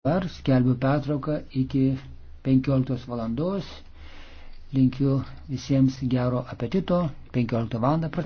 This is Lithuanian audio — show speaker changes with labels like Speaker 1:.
Speaker 1: Dabar skelbiu pertrauką iki 15 valandos. Linkiu visiems gero apetito. 15 val.